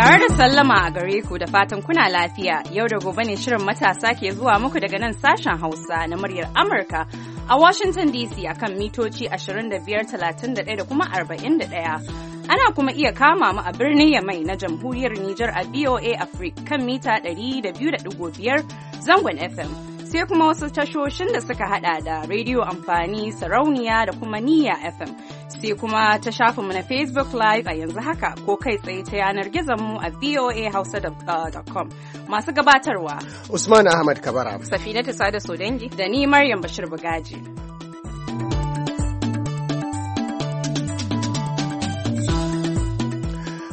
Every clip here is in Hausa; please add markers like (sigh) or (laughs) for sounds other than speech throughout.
Tare da sallama a gare ku da fatan kuna lafiya yau da gobe ne shirin matasa ke zuwa muku daga nan sashen Hausa na muryar Amurka a Washington DC a kan mitoci 25,31 da kuma 41. Ana kuma iya kama mu a birnin Yamai na jamhuriyar Nijar a VOA Africa kan mita 200.5 zangon FM. sai kuma wasu tashoshin da suka hada da rediyo amfani sarauniya da kuma niyya fm sai kuma ta mu na Facebook Live a yanzu haka ko kai tsaye ta yanar mu a voahausa.com. Masu gabatarwa. Usman Ahmad Kabara. Safina sada so dangi, da ni Maryam Bashir Bugaji.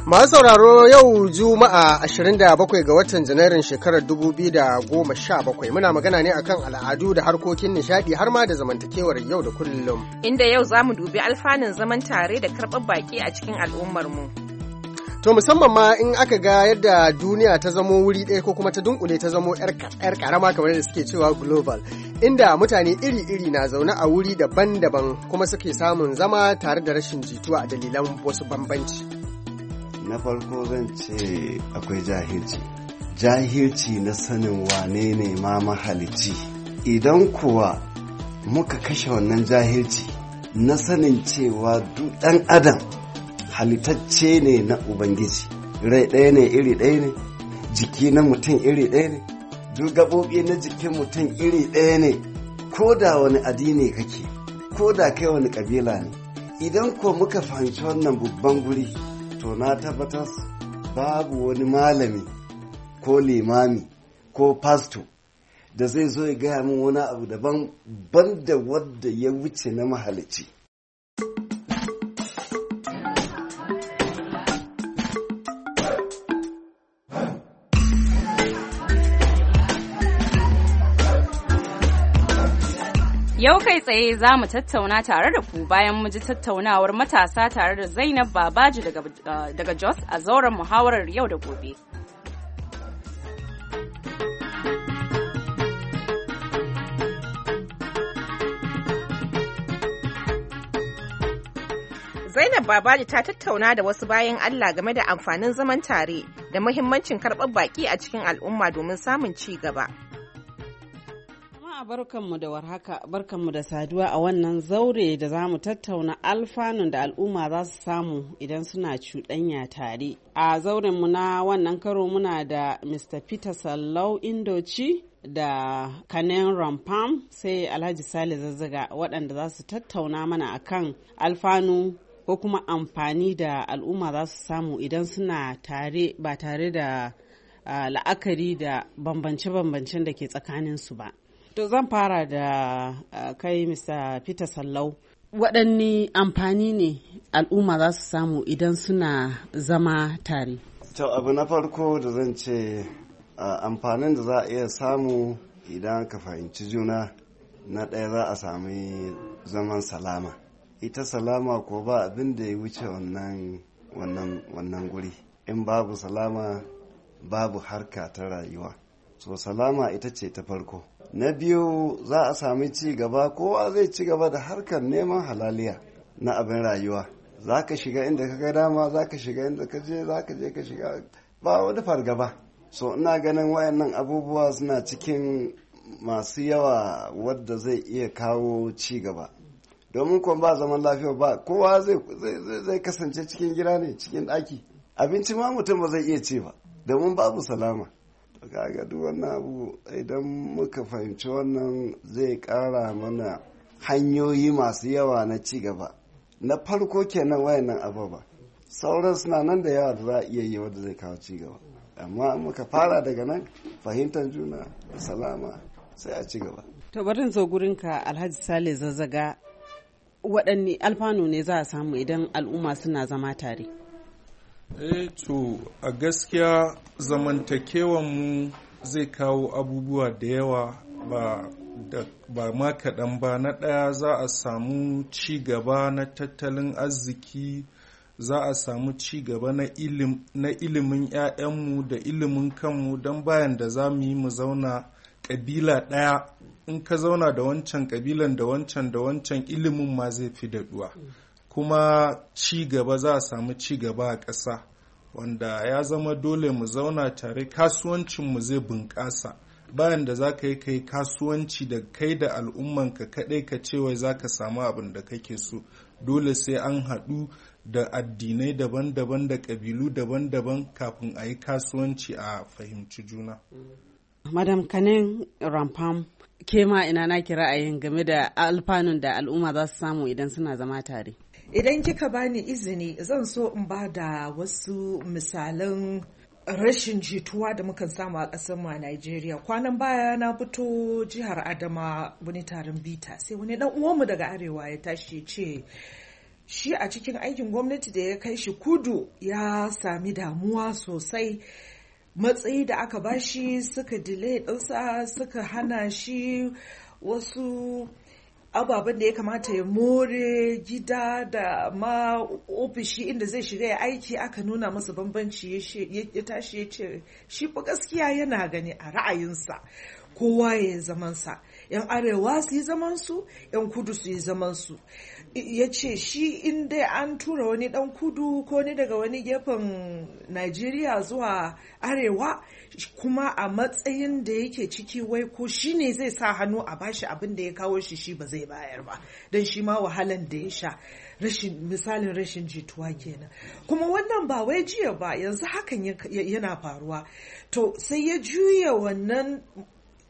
Masu sauraro yau Juma'a 27 ga watan Janairun shekarar 2017 muna magana ne akan al'adu da harkokin nishadi har ma da zamantakewar yau da kullum. Inda yau za mu dubi alfanun zaman tare da karɓar baki a cikin al'ummarmu. To musamman ma in aka ga yadda duniya ta zamo wuri ɗaya ko kuma ta dunkule ta zamo 'yar karama kamar da suke cewa global. inda mutane iri-iri na zaune a wuri daban-daban kuma suke samun zama tare da rashin jituwa a dalilan wasu bambanci. na farko zan ce akwai jahilci jahilci na sanin wane ne ma mahalicci. idan kuwa muka kashe wannan jahilci na sanin cewa duk ɗan adam halittacce ne na ubangiji rai ɗaya ne iri ɗaya ne jiki na mutum iri ɗaya ne duk gaɓoɓi na jikin mutum iri ɗaya ne ko da wani addini kake ko da kai wani ƙabila ne idan ko muka fahimci wannan babban guri to na tabbatar babu wani malami ko limami ko fasto da zai zo ya gaya min wani abu daban banda wadda ya wuce na mahalici Yau kai tsaye za mu tattauna tare da ku bayan mu ji tattaunawar matasa tare da Zainab Babaji eh, daga Jos a zauren muhawarar yau da gobe. Zainab Babaji ta tattauna da wasu bayan Allah game da amfanin zaman tare da muhimmancin karɓar baƙi a cikin al'umma domin samun ci gaba. barkanmu da warhaka barkanmu da saduwa a wannan zaure da za mu tattauna alfanun da al'umma za su samu idan suna cuɗanya tare. A zaurenmu na wannan karo muna da Mr. Peter Sallau Indoci da kanen rampam sai Alhaji Sale Zazzaga waɗanda za su tattauna mana akan alfanu ko kuma amfani da al'umma za su samu idan suna tare ba tare da ah, la'akari da bambance-bambancen da ke tsakaninsu ba. To zan fara da kai Mr. Peter Sallau. Waɗanne amfani ne al'umma za su samu idan suna zama tare? To abu na farko da zan ce amfanin da za a iya samu idan ka fahimci juna na ɗaya za a sami zaman salama. Ita salama ko ba abin da ya wuce wannan wannan guri. In babu salama babu harka ta rayuwa. So salama ita ce ta farko. na biyu za a sami ci gaba kowa zai ci gaba da harkar neman halaliya na abin rayuwa za ka shiga inda ka ga dama za ka shiga inda ka je za ka je ka shiga ba wani fargaba so ina ganin wayannan abubuwa suna cikin masu yawa wadda zai iya kawo ci gaba domin kuma ba zaman lafiya ba kowa zai kasance cikin gida ne cikin ɗaki abinci ma mutum ba zai iya ci ba domin babu salama kaga duk wannan abu idan muka fahimci wannan zai kara mana hanyoyi masu yawa na ci gaba na farko kenan wayannan ababa sauran suna nan da yawa da za a iya yi wanda zai kawo ci gaba amma muka fara daga nan fahimtar juna da salama sai a ci gaba to barin zo gurinka alhaji sale zazzaga waɗanne alfanu ne za a samu idan al'umma suna zama tare eh to a gaskiya zamantakewan mu zai kawo abubuwa da yawa ba da ma kaɗan ba na ɗaya za a samu ci gaba na tattalin arziki za a samu ci gaba na ilimin 'ya'yanmu da ilimin kanmu don bayan da za mu yi mu zauna ƙabila ɗaya in ka zauna da wancan ƙabilan da wancan da wancan ilimin ma zai fi daɗuwa. kuma ci gaba za a samu ci gaba a ƙasa wanda ya zama dole mu zauna tare kasuwancinmu zai bunƙasa bayan da za ka yi kai kasuwanci da kai da al'ummanka kaɗai ka ce wai za ka samu abin da kake so dole sai an haɗu da addinai daban-daban da ƙabilu daban-daban kafin a yi kasuwanci a fahimci juna. Madam Kanin Rampam, ke ma ina naki ra'ayin game da alfanun da al'umma za su samu idan suna zama tare. idan kika bani izini zan so in ba da wasu misalan rashin jituwa da mukan samu a ƙasar mu a Najeriya kwanan baya na fito jihar Adama wani taron bita sai wani dan uwanmu daga arewa ya tashi ce shi a cikin aikin gwamnati da ya kai shi kudu ya sami damuwa sosai matsayi da aka bashi suka delay ɗinsa suka hana shi wasu ababen da ya kamata ya more gida da ma ofishi inda zai shiga ya aiki aka nuna masa bambanci ya tashi ya ce shi fa gaskiya yana gani a ra'ayinsa kowa ya zamansa 'yan arewa su yi zamansu 'yan kudu su yi zamansu ya ce shi in an tura wani dan kudu ko ni daga wani gefen najeriya zuwa arewa kuma a matsayin da yake ciki wai ko shi ne zai sa hannu a bashi abin da ya kawo shi shi ba zai bayar ba don shi ma wahalan da ya sha misalin rashin jituwa kenan kuma wannan ba wai jiya ba yanzu hakan yana faruwa to sai ya juya wannan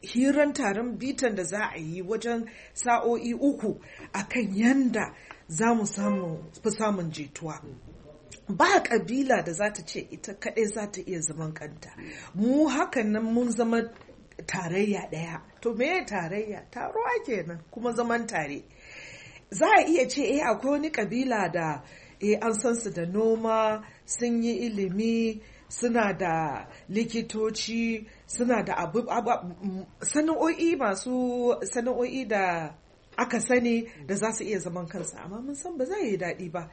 hiran taron bitan da za a yi wajen sa'o'i uku akan yanda za mu fi samun jituwa ba kabila da za ta ce ita kaɗai za ta iya zaman kanta mu hakan nan mun zama tarayya ɗaya to me tarayya taro ake nan kuma zaman tare za a iya ce eh akwai wani kabila da eh an san su da noma sun yi ilimi suna da likitoci suna da abu sana'o'i masu sana'o'i da aka sani da za su iya zaman kansa amma mun san ba za yi daɗi ba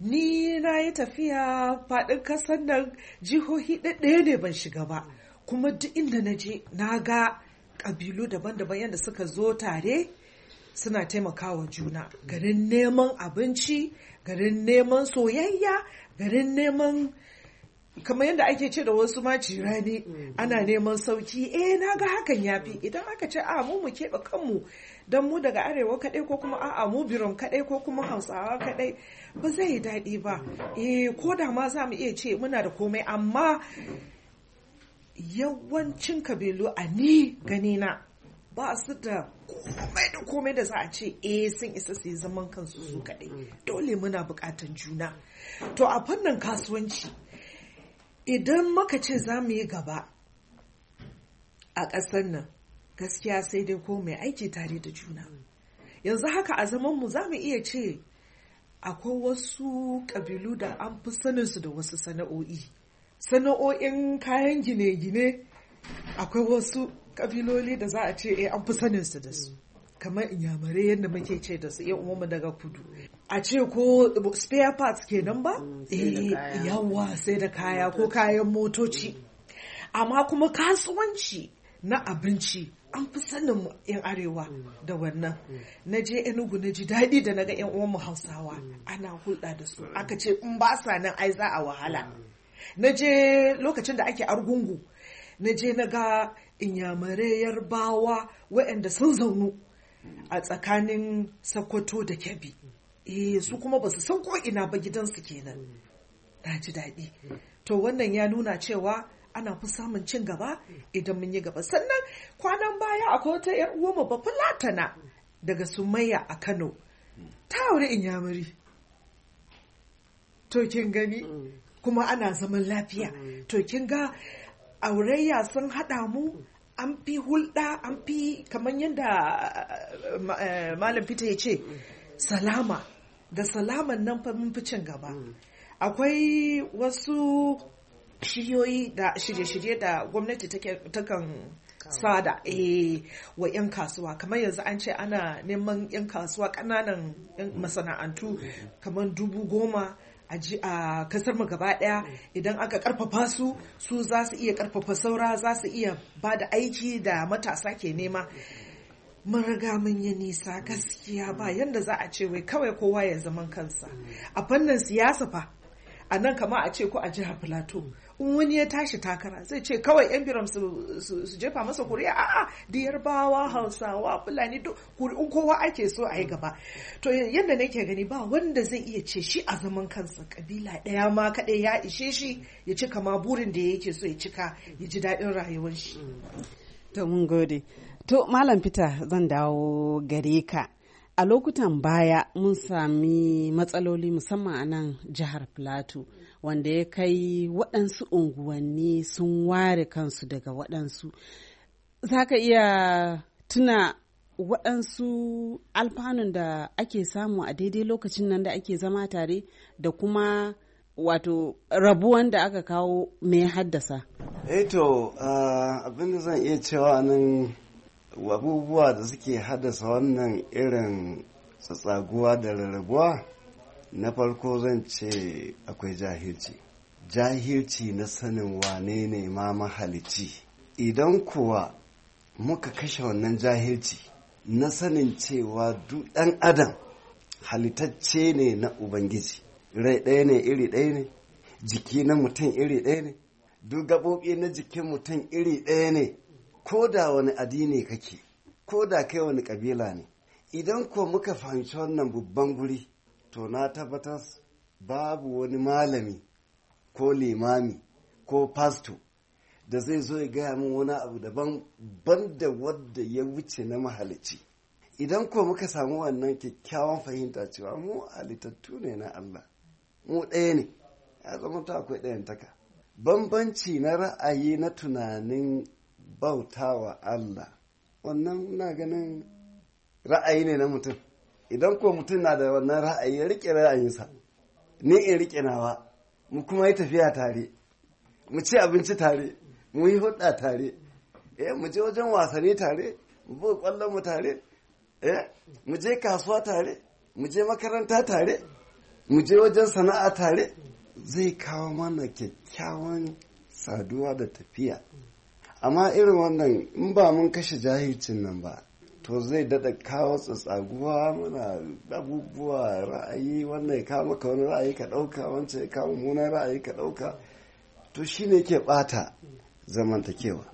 ni na yi tafiya faɗin kasar nan jihohi ɗaya ne ban shiga ba kuma duk inda na je na ga ƙabilu daban-daban yadda suka zo tare suna taimakawa juna garin neman abinci garin neman soyayya garin neman kamar yadda ake ce da wasu ma rani mm. ana neman sauki eh na ga hakan ya fi mm. idan aka ce a mu mu keɓe kanmu don mu daga arewa kaɗai ko kuma a mu biron kaɗai ko kuma hausawa kaɗai ba zai yi daɗi ba eh ko da ma za mu iya ce muna da komai amma yawancin kabilu a ni ganina ba su da komai da komai da za a ce eh sun isa su yi zaman kansu su mm. kaɗai dole muna buƙatan juna to a fannin kasuwanci idan muka ce za mu yi gaba a ƙasar nan gaskiya sai dai ko mai aiki tare da juna yanzu haka a mu za mu iya ce akwai wasu ƙabilu da an fi saninsu da wasu sana'o'i sana'o'in kayan gine-gine akwai wasu ƙabiloli da za a ce eh, an fi saninsu da su kamar inyamare yadda muke ce da su mu daga kudu a ce ko spare parts kenan ba mm, mm, eh yawa sai da kaya ko kayan motoci amma kuma kasuwanci na abinci an fi sanin yan arewa mm. da wannan na je enugu na ji daɗi da naga ga yan uwanmu hausawa ana hulɗa da su aka ce in ba sa nan ai za a wahala na je lokacin da ake argungu na je na ga inyamare yarbawa waɗanda sun zaunu a tsakanin Sokoto da Kebbi. Eh su kuma ba su san ko ina ba gidansu kenan. Na ji daɗi. To wannan ya nuna cewa ana fi samun cin gaba idan mun yi gaba. Sannan kwanan baya akwai wata 'yar uwanmu ba fulatana daga Sumayya a Kano. Ta in inyamuri. To kin gani kuma ana zaman lafiya. To kin ga aurayya sun haɗa mu an fi hulɗa an fi kamar yadda eh, malam fita ya ce salama da salaman nan fa mun fi cin gaba akwai wasu shiyoyi da shirye-shirye da gwamnati takan sada eh wa 'yan kasuwa kamar yanzu an ce ana neman 'yan kasuwa kananan masana'antu kamar dubu goma a kasar mu gaba daya idan aka karfafa su su za su iya karfafa saura za su iya ba da aiki da matasa ke nema mun riga mun yi nisa gaskiya ba yanda za a ce wai kawai kowa ya zaman kansa a fannin siyasa fa a nan kama a ce ko a jihar plateau wani ya tashi takara zai ce kawai yan biram su jefa masa kuri'a a'a da yarbawa hausawa fulani duk kuri'un kowa ake so a yi gaba to yadda nake gani ba wanda zai iya ce shi a zaman kansa kabila ɗaya ma kaɗai ya ishe shi ya cika ma burin da yake so ya cika ya ji daɗin rayuwar shi to mun gode to malam fita zan dawo gare ka a lokutan baya mun sami matsaloli musamman a nan jihar plateau wanda ya kai waɗansu unguwanni sun ware kansu daga waɗansu za ka iya tuna waɗansu alfanun da ake samu a daidai lokacin nan da ake zama tare da kuma wato rabuwan da aka kawo mai haddasa eto eh abin da zan iya cewa nan abubuwa da suke haddasa wannan irin tsatsaguwa da rarrabuwa na farko zan ce akwai jahilci jahilci na sanin wane ne ma mahalici idan kuwa muka kashe wannan jahilci na sanin cewa duk ɗan adam halittacce ne na ubangiji rai ɗaya ne iri ɗaya ne jiki na mutum iri ɗaya ne duk gaɓoɓi na jikin mutum iri ɗaya ne ko da wani addini kake ko da kai wani ƙabila ne idan ko muka fahimci wannan babban guri to na tabbatar babu wani malami ko limami ko pasto da zai zo ya gaya min wani abu daban banda wadda ya wuce na mahalici idan ko muka samu wannan kyakkyawan fahimta cewa mu halittattu ne na Allah mu ɗaya ne ya zama ta akwai ɗayan taka bambanci na ra'ayi na tunanin bautawa Allah wannan na ganin ra'ayi ne na mutum idan ko mutum na da wannan ra'ayi ya rike ra'ayinsa ni in rike nawa mu kuma yi tafiya tare mu ci abinci tare mu yi hulɗa tare eh mu je wajen wasanni tare mu buga kwallon mu tare eh mu je kasuwa tare mu je makaranta tare mu je wajen sana'a tare zai kawo mana kyakkyawan saduwa da tafiya amma irin wannan in ba mun kashe jahilcin nan ba to zai dada kawo tsatsaguwa muna abubuwa ra'ayi wannan ya kawo maka wani ra'ayi ka ɗauka wancan ya kawo munan ra'ayi ka ɗauka to shi ne ke ɓata zamantakewa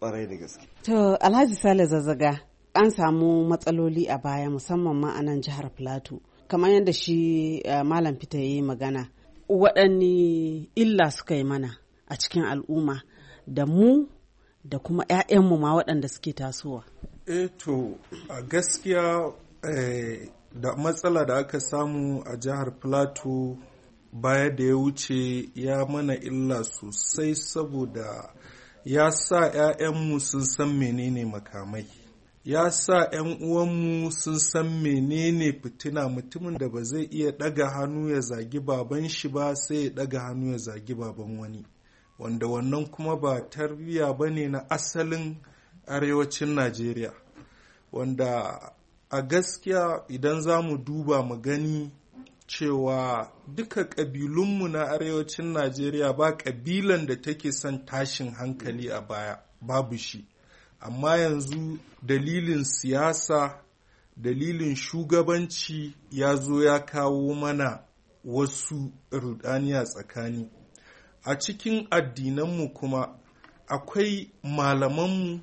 ƙwarai da gaske. to alhaji sale zazzaga an samu matsaloli a baya musamman ma a nan jihar plateau kamar yadda shi eh, malam fita ya yi magana waɗanne illa suka yi mana a cikin al'umma da mu da kuma 'ya'yanmu ma waɗanda suke tasowa? E to, a gaskiya eh, da matsala da aka samu a jihar Plateau baya da ya wuce ya mana illa sosai saboda ya sa 'ya'yanmu sun san menene makamai. Ya sa 'yan uwanmu sun san menene fitina mutumin da ba zai iya ɗaga hannu ya zagi baban shi ba sai ya ɗaga hannu ya zagi baban wani. wanda wannan kuma ba tarbiyya ba ne na asalin arewacin najeriya wanda a gaskiya idan za mu duba mu gani cewa duka ƙabilunmu na arewacin najeriya ba ƙabilan da take son tashin hankali a baya babu shi amma yanzu dalilin siyasa dalilin shugabanci ya zo ya kawo mana wasu rudaniya tsakani a cikin addinanmu kuma akwai malamanmu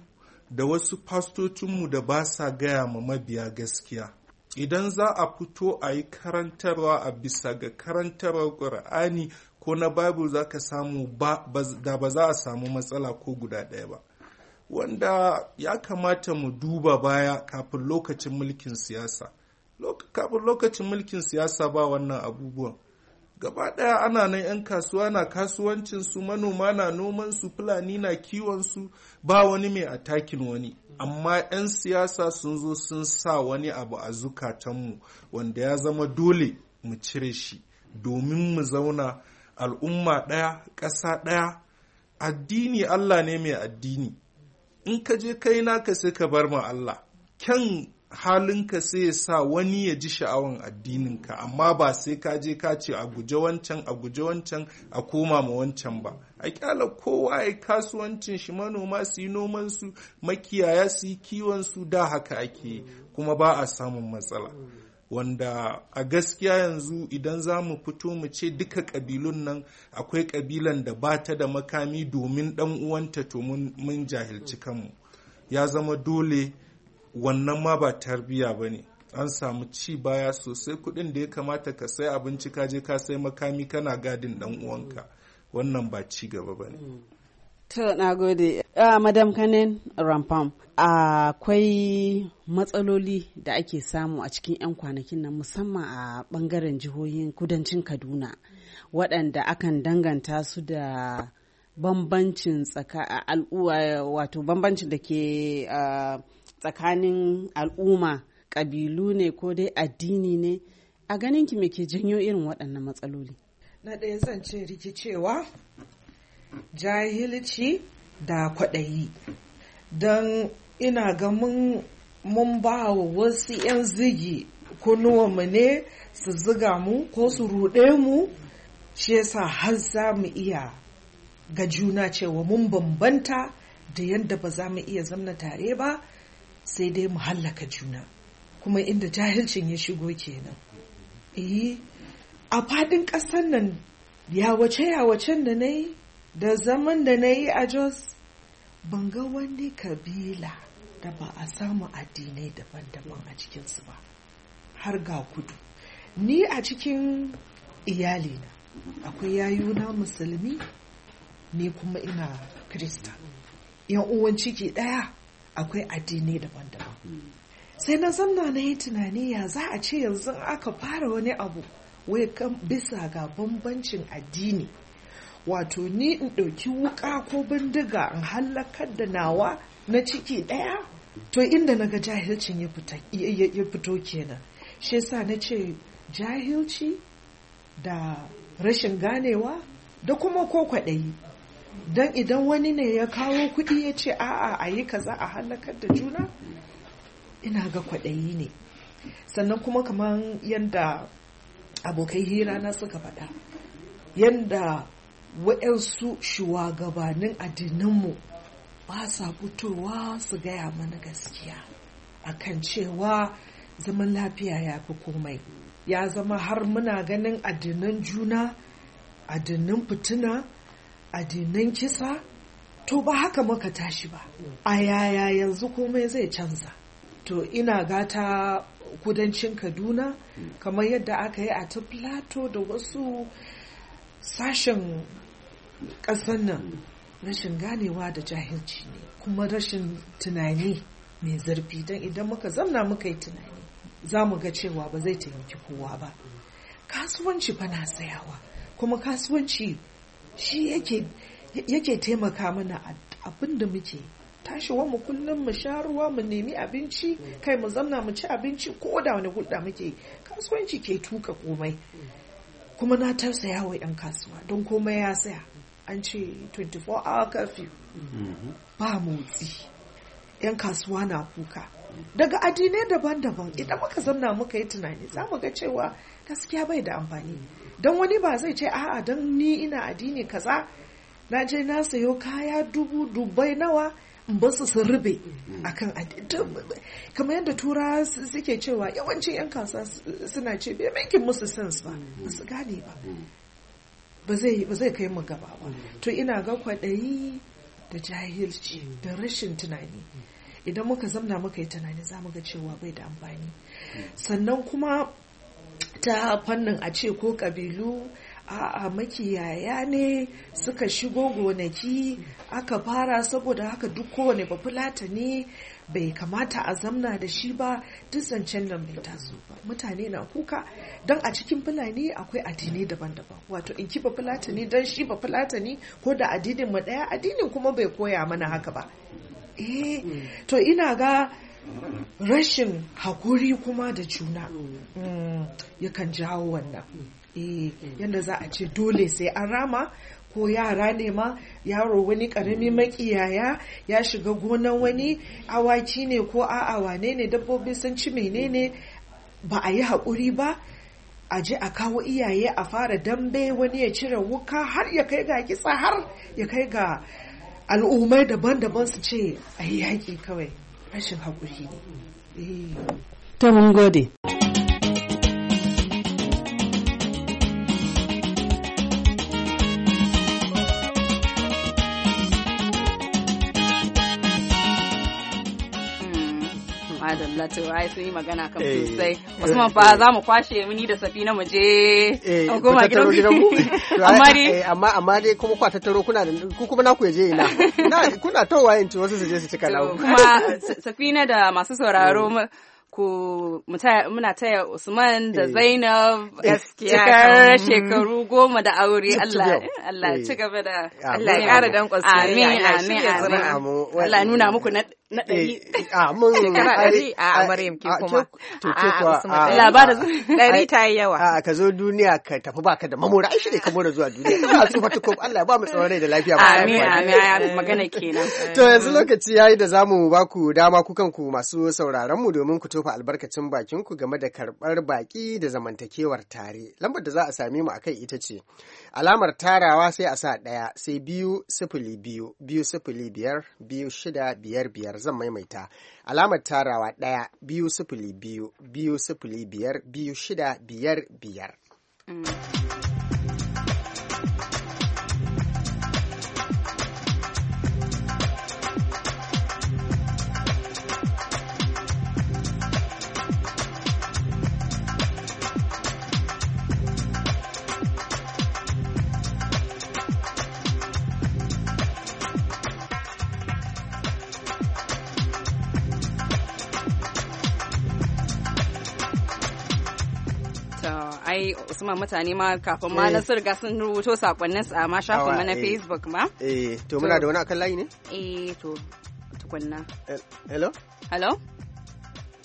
da wasu fastocinmu da ba sa gaya ma mabiya gaskiya idan za a fito a yi karantarwa a bisa ga karantarwar ƙur'ani ko na bible za ka samu da ba za a samu matsala ko guda ɗaya ba wanda ya kamata mu duba baya kafin lokacin mulkin siyasa kafin lokacin mulkin siyasa ba wannan abubuwan gaba ɗaya ana nan 'yan kasuwa na kasuwancin su manoma na noman su fulani na kiwon su ba wani mai atakin wani amma 'yan siyasa sun zo sun sa wani abu a zukatanmu wanda ya zama dole mu cire shi domin mu zauna al'umma ɗaya ƙasa ɗaya addini allah ne mai addini in ka je kai ka sai ka bar ma allah kyan halinka sai ya sa wani ya ji sha'awan addininka amma ba sai ka je ka ce a guje wancan a guje wancan a koma ma wancan ba a kyala kowa ya kasuwancin shi manoma su yi noman su makiyaya su yi kiwon su da haka ake kuma ba a samun matsala wanda a gaskiya yanzu idan za mu fito mu ce duka kabilun nan akwai ƙabilan da ba ta da makami domin ɗan uwanta to mun jahilci kanmu ya zama dole wannan ma ba tarbiya ba ne an samu ci baya sosai kuɗin da ya kamata ka sai abinci ka je ka sai makami kana gadin dan uwanka wannan ba ci gaba ba ne To, na gode. Uh, Madam Kanin Rampam, akwai matsaloli da ake samu a cikin 'yan kwanakin nan musamman a bangaren jihohin kudancin Kaduna, waɗanda akan danganta su da bambancin tsaka al'uwa wato bambancin da ke uh, tsakanin al'umma ƙabilu ne ko dai addini ne a ganin ki me ke janyo irin waɗannan matsaloli na ɗaya zan rikicewa jahilci da kwaɗayi don ina ga mun ba wa wasu 'yan zigi mu ne su ziga mu ko su ruɗe mu shi yasa har za mu iya ga juna cewa mun bambanta da yadda ba za mu iya zamna tare ba sai dai mu hallaka juna kuma inda jahilcin ya shigo kenan yi eh, a fadin ƙasar nan yawace yawacen da na yi da zaman da na yi a jos ban ga wani kabila da ba a samu addinai daban-daban a cikinsu ba har ga kudu ni a cikin iyalina akwai yayuna musulmi ni kuma ina kirista. yan uwan ciki ɗaya akwai addini daban-daban sai na zanna na yi tunani ya za a ce yanzu aka fara wani abu wai kan bisa ga bambancin addini wato ni in ɗauki wuka ko bindiga in hallakar da nawa na ciki ɗaya to inda na ga jahilcin ya fito kenan shi yasa na ce jahilci da rashin ganewa da kuma ko kwaɗayi don idan wani ne ya kawo kuɗi ya ce a'a a yi kaza a halakar da juna ina ga kwaɗayi ne sannan kuma kamar yadda abokai hira na suka faɗa yadda waɗansu shugabannin addininmu ba sa fitowa su gaya mana gaskiya akan cewa zaman lafiya ya fi komai ya zama har muna ganin addinan juna Addinin fitina addinan kisa to ba haka muka tashi ba a yaya yanzu komai zai canza to ina gata kudancin kaduna kamar yadda aka yi a ta plato da wasu sashen ƙasan nan rashin ganewa da jahilci ne kuma rashin tunani mai zarfi don idan muka zamna muka yi tunani za mu ga cewa ba zai taimaki kowa ba kasuwanci bana na sayawa kuma kasuwanci shi yake taimaka mana abin da muke tashiwa mu kullum mu sha ruwa mu nemi abinci kai mu zamna mu ci abinci ko da wani hulɗa muke kasuwanci ke tuka komai kuma na tausaya wa 'yan kasuwa don komai ya saya an ce 24 hour curfew mm-hmm. ba motsi 'yan kasuwa na kuka daga addinai daban-daban idan muka zanna muka yi tunani za mu ga cewa gaskiya bai da amfani don wani ba zai ce a'a don ni ina addini kaza na je na sayo kaya dubu dubai nawa in ba su sun rube kamar yadda tura suke cewa yawancin yan kasa suna ce bai makin musu sens ba ba su gane ba ba zai kai mu gaba ba to ina ga kwaɗayi da jahilci da rashin tunani idan muka zamna muka yi tunani za mu ga cewa bai da amfani sannan kuma ta fannin a ce ko kabilu a'a makiyaya ne suka shigo gonaki aka fara saboda haka duk kowane bafulata ne bai kamata a zamna da shi ba duk zancen nan bai taso ba mutane na kuka don a cikin fulani akwai addini daban-daban wato in ki fulata ne don shi fulata ne ko da addinin mu daya addinin kuma bai koya mana haka ba eh mm. to ina ga rashin haƙuri kuma da juna mm. Mm, yakan jawo wannan eh yadda za a ce dole sai an rama ko yara ne ma yaro wani karami makiyaya ya shiga gonan wani awaki ne ko a'a wane ne dabbobi sun ci menene ba a yi haƙuri ba a je a kawo iyaye a fara dambe wani ya cire wuka har ya kai ga kitsa har ya kai ga al'ummai daban-daban su ce a yi yaƙi kawai rashin haƙuri ne. Eh. Ta mun gode. Plateau ai sun yi magana kan sosai. Eh. wasu fa za mu kwashe muni da safina mu Ku goma gidan ku. Amma dai eh, amma amma dai kuma kwa tattaro kuna da ku kuma naku ya je ina. Kuna towa ci wasu su je su cika lawo. Kuma safina da masu sauraro mm. ku muna taya Usman da eh. Zainab gaskiya mm. shekaru goma da aure Allah Allah ci gaba da Allah ya kara danƙon soyayya amin amin amin Allah nuna muku na na eh, ɗari. Eh, a ah, mun shekara (laughs) ɗari a ah, Maryam ke ah, kuma. To ke kuwa. Labarin (laughs) ɗari ta yi yawa. A ka zo duniya ka tafi baka da mamora ai shi ne ka mora zuwa duniya. Ina tsufa ta kuma Allah ba mu tsawon rai da lafiya. Amin amin magana kenan. (laughs) To yanzu lokaci ya yi da zamu ba ku dama ku kanku masu sauraron mu domin ku tofa albarkacin bakin ku game da karɓar baki da zamantakewar tare. Lambar da za a same mu akai ita ce alamar tarawa sai a sa ɗaya sai biyu sifili biyu biyu sifili biyar biyu shida biyar biyar zan maimaita alamar tarawa ɗaya biyu sifili biyu biyu sifili biyar biyu shida biyar biyar. Mm. dai Usman mutane ma kafin ma eh. na riga sun rubuto sakonnin su a ma shafin mana na eh. Facebook ma. Eh to muna da wani akan layi ne? Eh to tukunna. Eh, hello? Hello?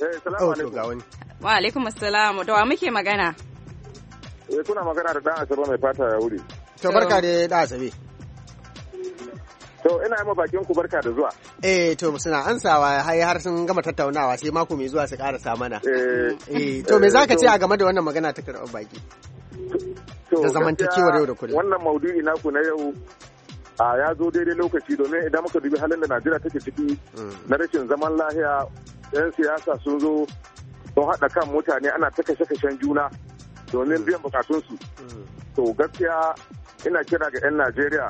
Eh salamu oh, alaikum. Wa alaikum assalam. Da wa muke magana? Eh kuna magana da dan Asabe mai fata ya wuri. To barka da dan Asabe. To ina yi bakin ku barka da zuwa. Eh to suna ansawa har har sun gama tattaunawa sai mako mai zuwa su karasa mana. Eh, eh to me zaka ce a game da wannan magana ta karɓar baki? Da zamantakewar yau da kullum. Wannan maudu'i naku na yau a ya zo daidai lokaci domin idan muka dubi halin da Najeriya take ciki mm. na rashin zaman lahiya 'yan siyasa sun zo sun haɗa kan mutane ana ta kashe-kashen juna domin mm. biyan bukatunsu. Mm. To gaskiya ina kira ga 'yan Najeriya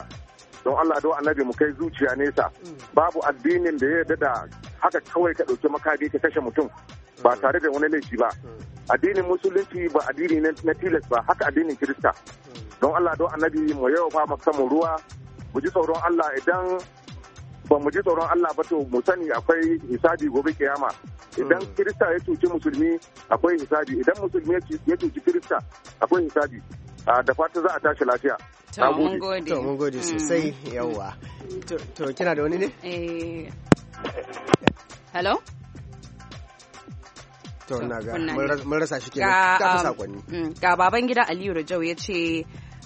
don Allah don annabi mu kai zuciya nesa babu addinin da ya yarda da haka kawai ka ɗauki makabi ka kashe mutum ba tare da wani laifi ba addinin musulunci ba addini na tilas ba haka addinin kirista don Allah don annabi mu yawa fa maka mu ruwa mu ji tsoron Allah idan ba mu ji tsoron Allah ba to mu sani akwai hisabi gobe kiyama idan kirista ya cuci musulmi akwai hisabi idan musulmi ya cuci kirista akwai hisabi da fata za a tashi lafiya to mun gode to mun gode mm. sosai yawa to kina da wani ne eh hello to na ga mun rasa shi kenan ka fa um, sakonni mm, ga baban gida Aliyu Rajau ce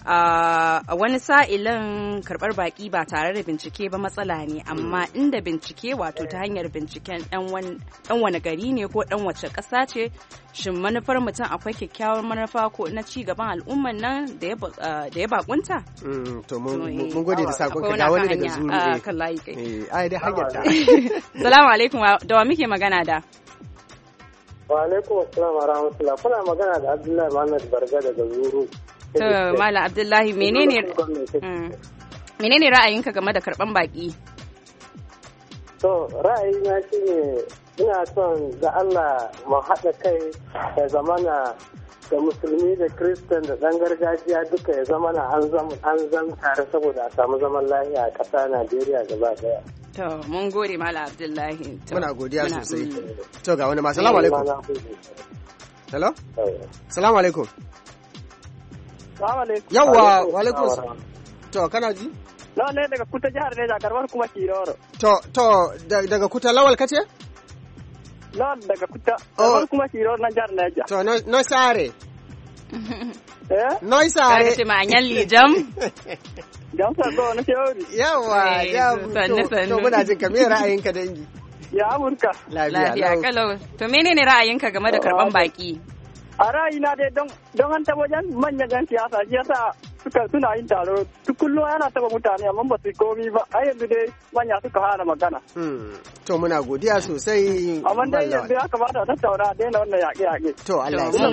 a wani sa'ilin karɓar baƙi ba tare da bincike ba matsala ne amma inda bincike wato ta hanyar binciken ɗan wani gari ne ko ɗan wace ƙasa ce shin manufar mutum akwai kyakkyawar manufa ko na ci gaban al'umman nan da ya bakunta? Mm, to mun gode da sakon ka wani daga zuru ne kan layi kai eh, ai dai hanyar ta (laughs) salamu alaikum da wa muke magana da wa alaikum assalam wa rahmatullah kuna magana da abdullahi muhammad barga daga zuru To (laughs) Malam Abdullahi menene mm. menene ra'ayinka game da karban baki? To na shine ina son da Allah mu haɗa kai ya zamana da musulmi da kristan da ɗan gargajiya duka ya zama na an zam tare saboda a samu zaman lahiya a ƙasa najeriya gaba daya to mun gode mala abdullahi muna godiya sosai to ga wani ma salamu eh, alaikum hello alaikum Yawwa, wa alaikum To, kana ji? Lawan ne daga kuta jihar Neja, karbar kuma Kiroro. To, to, daga kuta lawal kace? Lawan daga kuta, oh. karbar kuma Kiroro na jihar Neja. To, no sare. (laughs) Eh? Noi sare. Kaga ma anyan lijam. (laughs) Jamsa zo na shawari. Yawa, jamu. Eh, sanne sanne. To, muna jin ka me ka dangi? Ya Amurka. Lafiya. Lafiya kalau. To menene ra'ayinka game da karban baki? a ra'ayina dai don an taɓa wajen manya yan siyasa shi yasa suka suna yin taro kullum yana taɓa mutane amma ba su komi ba a yanzu dai manya suka hana magana. Hmm. to muna godiya sosai. amma dai yanzu ya kamata a taura a daina wannan yaƙe yaƙe. to Allah ya sa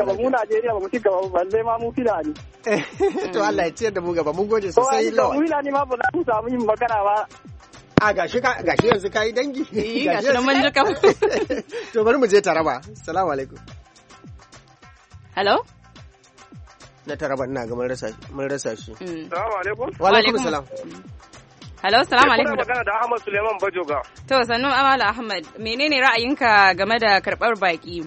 gaba mu Najeriya ba mu ci gaba ba zai ma mu Fulani. (laughs) to Allah ya ciyar da mu gaba mun gode sosai lawan. to Fulani ma ba za mu samu yin magana ba A gashi gashi yanzu kayi dangi. (laughs) Gashi na manjaka. (laughs) To bari mu je taraba. Salamu alaikum. hello na taraba ina ga mun rasa shi mm. salamu alaikum wa alaikum salam Hello, salamu alaikum. Kuna magana da Ahmad Suleiman Bajoga. To, sannu Amala Ahmad, menene ra'ayinka game da karɓar baƙi?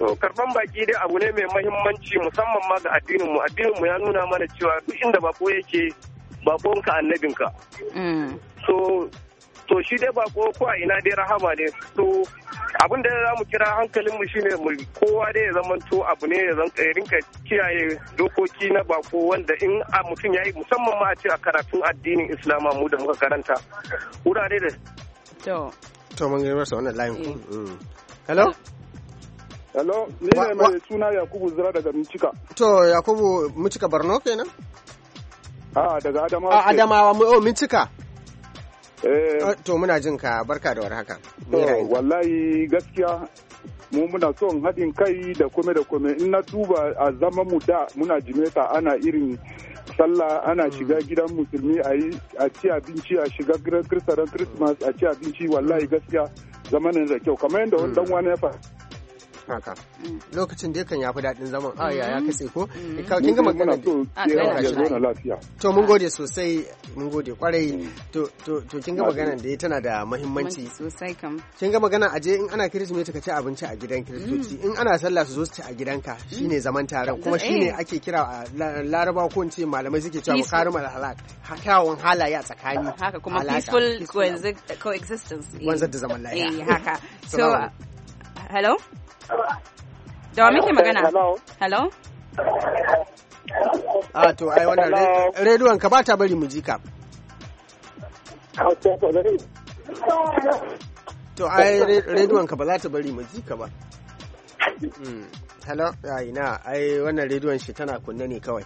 To, karɓar baƙi dai abu ne mai mahimmanci musamman ma ga addininmu. Addininmu ya nuna mana cewa duk inda bako yake bakonka annabinka. Mm. So, to shi dai ba ko a ina dai rahama ne to abin da za mu kira hankalin mu shine mu kowa dai ya zama to abu ne ya zanka rinka kiyaye dokoki na bako wanda in a mutum yayi musamman ma a ce a karatun addinin islama mu da muka karanta wurare da to to mun gani masa wannan line eh. mm. hello hello ni ne mai suna yakubu zira daga micika to yakubu micika barno kenan a ah, daga adamawa a ah, adamawa o oh, Micika. Eh, oh, to muna jin ka barka da warhaka. Wallahi gaskiya mu muna son haɗin kai da kome da kome in na duba a zama mu da muna jimeta ana irin sallah ana hmm. shiga gidan musulmi a yi a ci abinci a shiga gidan kristaran christmas a ci abinci wallahi gaskiya zamanin da kyau kamar yadda wani dan hmm. wani ya fara. Mm. lokacin da yakan yafi daɗin zaman a ah, ya mm. katse ko mm. kin ga magana da ah, to mun gode sosai mun gode kwarai to to kin ga magana da tana da muhimmanci sosai kam kin ga magana aje in ana kirismeti ka ci abinci a gidan kiristoci in ana sallah su zo su ci a gidanka shine zaman taron kuma eh. shine ake kira ah, a laraba ko ce malamai suke cewa mukarimar halak kyawawan halaye a tsakani haka kuma peaceful coexistence wanzar da zaman eh, lafiya haka (laughs) so Hello? Da wa muke magana? Hello? A ah, to ai wannan rediyon ka ba ta bari mu ji To ai rediyon ka ba za ta bari mu ji ba. Hmm. hello a ah, na ai wannan rediyon shi tana kunne ne kawai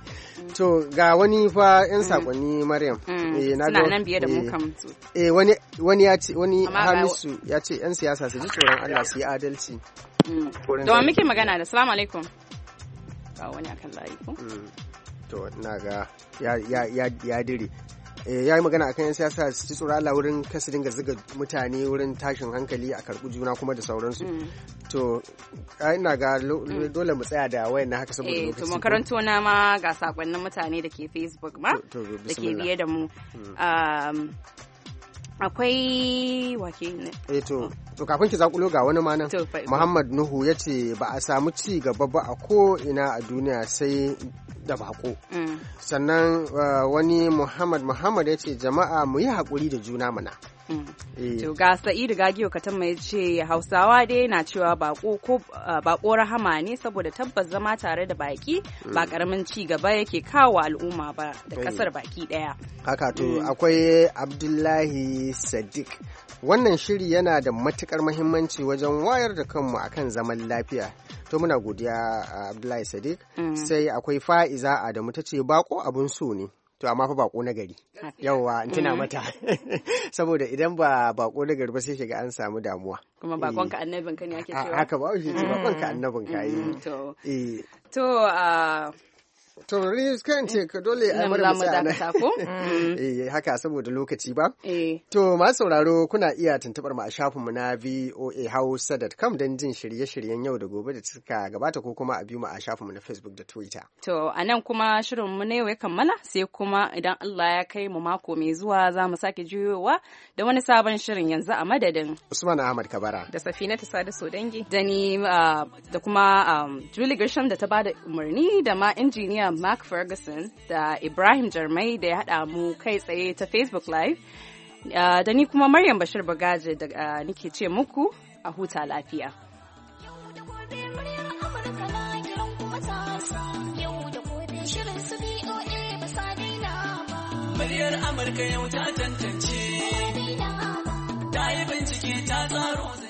to ga wani fa yan mm. sakonni maryam mm. eh na ga nan biye da mu eh, kam eh wani wani ya ce wani hamisu ya ce yan siyasa su ji tsoron Allah su yi adalci mm. da muke magana da assalamu alaikum ga wani akan layi ko to na ga ya ya ya dire Eh, ya yi magana akan 'yan siyasa su ci tsoron Allah wurin kasu dinga zuga mutane wurin tashin hankali a karɓi juna kuma da sauransu mm. to ina ga mm. dole mu tsaya da wayan na haka saboda eh, lokaci to makaranto na ma ga sakonnin mutane da ke facebook ma da ke biye da mu mm. um, akwai wake ne eh to to kafin ki zakulo ga wani manan Muhammad Nuhu yace ba a samu ci gaba ba a ko ina a duniya sai da bako mm. sannan eh, wani Muhammad Muhammad yace jama'a mu yi hakuri da juna mana Eh. To ga Sa'idu Gagiyo Katamma ya ce Hausawa dai na cewa bako ko eh, bako rahama ne saboda tabbas zama tare da baki mm. ba karamin ci gaba yake kawo al'umma ba da kasar baki daya. Haka to mm. akwai Abdullahi Sadiq wannan shiri yana da matukar muhimmanci wajen wayar da kanmu akan zaman lafiya to muna godiya eh, Abdullahi Sadiq mm. sai akwai fa'iza Adamu ta ce bako abun so ne. to amma fa bako na gari yawa in tuna mm. mata (laughs) saboda idan ba bako na gari ba sai shiga an samu damuwa kuma bakon ka eh. annabin ka ne ake cewa haka ba shi mm. bakon ka annabin ka yi eh. mm, to eh. ah, to Rijus kan ce ka dole a bar mu ko (laughs) eh haka saboda lokaci ba eh. to ma sauraro kuna iya tuntubar mu a shafin mu na voahausa.com don jin shirye-shiryen yau da gobe da suka gabata ko kuma a biyu mu a shafin mu na Facebook da Twitter to anan kuma shirin mu ne wai kammala sai kuma idan Allah ya kai mu mako mai zuwa za mu sake juyowa da wani sabon shirin yanzu a madadin Usman Ahmad Kabara da Safina Sada Dangi da ni ah, da kuma ah, Julie Grisham da ta bada umarni da ma injiniya injiniya Mark Ferguson da Ibrahim Jarmai da ya haɗa mu kai tsaye ta Facebook Live. Uh, da ni kuma Maryam Bashir Bagaje da uh, nike ce muku a huta lafiya. Muryar Amurka yau ta tantance, ta yi bincike ta tsaro